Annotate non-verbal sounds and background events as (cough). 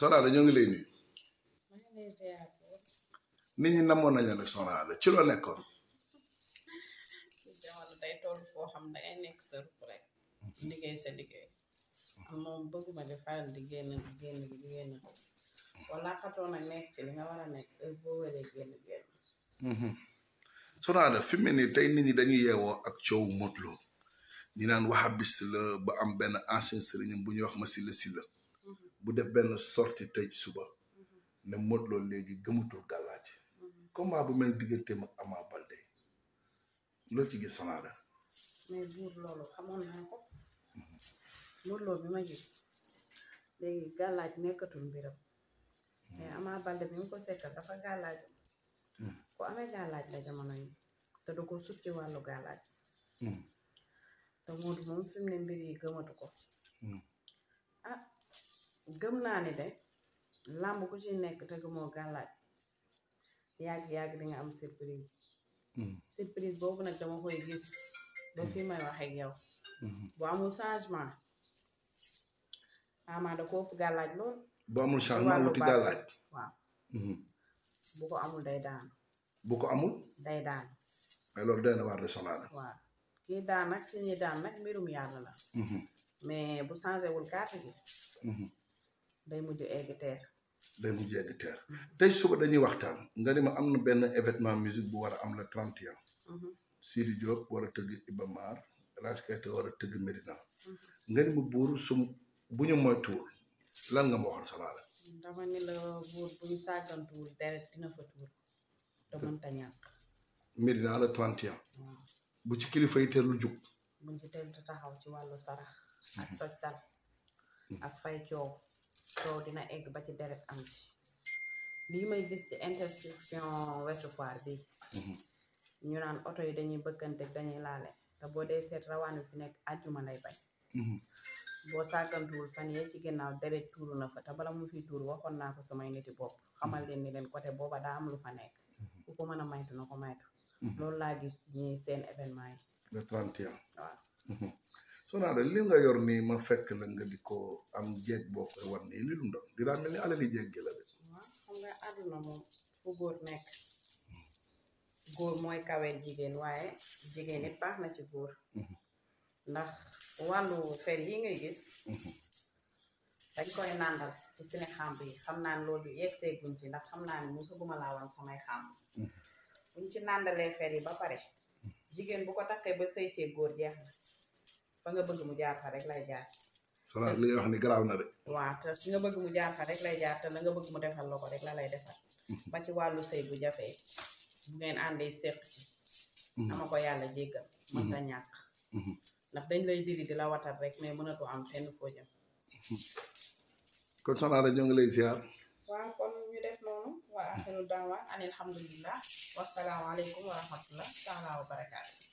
Soxna Ada ñoo ngi lay nuyu. nit ñi namoon nañu nag Soxna ci loo nekkoon. (laughs) jamono foo xam ne dangay nekk sa ruq rek. Mhm. sa liggéey. moom bëgguma di faral di génn génn bi di génn wala xatoo nag nekk ci mhm. fi mu ne nii tey nit ñi dañuy yeewoo ak coow Modou Lo ñi naan wahabis la ba am benn ancien sëriñam bu ñuy wax ma sila sila. bu def benn sortie tey suba ne Modou Lo léegi gëmatul gàllaaj combat bu mel digganteem ak Ama Baldé loo ci gis sanaada mais buur loolu xamoon naa ko Modou bi ma gis léegi laaj nekkatul mbiram mais Ama Baldé bi mu ko sekkal dafa gàllaaj ku amee gàllaaj la jamono yi te da ko sut ci wàllu gàllaaj hmm. te Modou moom fi ne mbir yi ko hmm. gëm naa ni de làmb ku ci nekk te gëmoo gàllaaj yàgg-yàgg di nga am surprise hmm. surprise boobu nag dama koy gis ba fi may wax ak yow hmm. bu amul changement ama da koo gàllaaj lool bu amul changement wuti hmm. bu ko amul day daanu bu ko amul day daanu mais loolu day na waar de sonaane daan nag ki ñuy daan nag mbirum yàlla mais bu changé wul carte gi day mujj egg day mujj egg teer suba dañuy waxtaan nga ni ma am na benn événement musique bu war a am le 31. Mhm. Sidi Diop war a tëgg Iba Mar war a tëgg Medina. nga ni ma buur sum bu ñu moytuwul lan nga ma waxoon la. dama ni la buur bu ñu sàggantuwul deret dina fa tuur te mënta ñàkk. Medina le 31. bu ci kilifay yi teelul jug. buñ ci teel taxaw ci wàllu sarax. ak mhm. tojtal. ak fay coow. soow dina egg ba ci deret am ci lii may gis ci intersection Ouest bi mhm. ñu naan oto yi dañuy bëkkante dañuy laale te boo dee seet rawaan bi fi nekk àjjuma lay bañ mhm. boo sàggantuwul fan yee ci ginnaaw deret tuuru na fa te bala mu fi tuur waxoon naa ko samay niti bopp mhm. xamal leen ni leen côté booba daa am lu fa nekk ku ko mën a maytu na ko maytu loolu laa gis ñi seen événement yi le 31 waaw Sonatel li nga yor nii ma fekk la nga di ko am jeeg boo koy wan nii li lu mu di daa mel ni alali jeeg gi la xam nga àdduna moom fu góor nekk góor mooy kaweel jigéen waaye jigéen it baax na ci góor ndax fer yi ngay koy nàndal ci xàmb yi xam naa ne loolu yegg see ci ndax xam naa ne mosaguma laa woon samay xàmb buñ ci nàndalee fer yi ba pare jigéen bu ko taxee ba sëytee góor jeex na fa nga bëgg mu jaar fa rek lay jaar. Soxna li nga wax ni garaaw na de. waaw te fi nga bëgg mu jaar fa rek lay jaar te na nga bëgg mu defal la ko rek la lay defal. Mhm. ba ci wàllu sëy bu jafee bu ngeen àndee seq ci. Mhm. ama ko yàlla jéggal. mën ta mhm. ñàkk. ndax dañ lay diri di la watal rek mais mënatu am fenn foo jëm. kon soxna la ñoo ngi lay ziar. waaw kon ñu def noonu waa axiru daawaan an alhamdulillah wasalaamaaleykum wa rahmatullah taala wa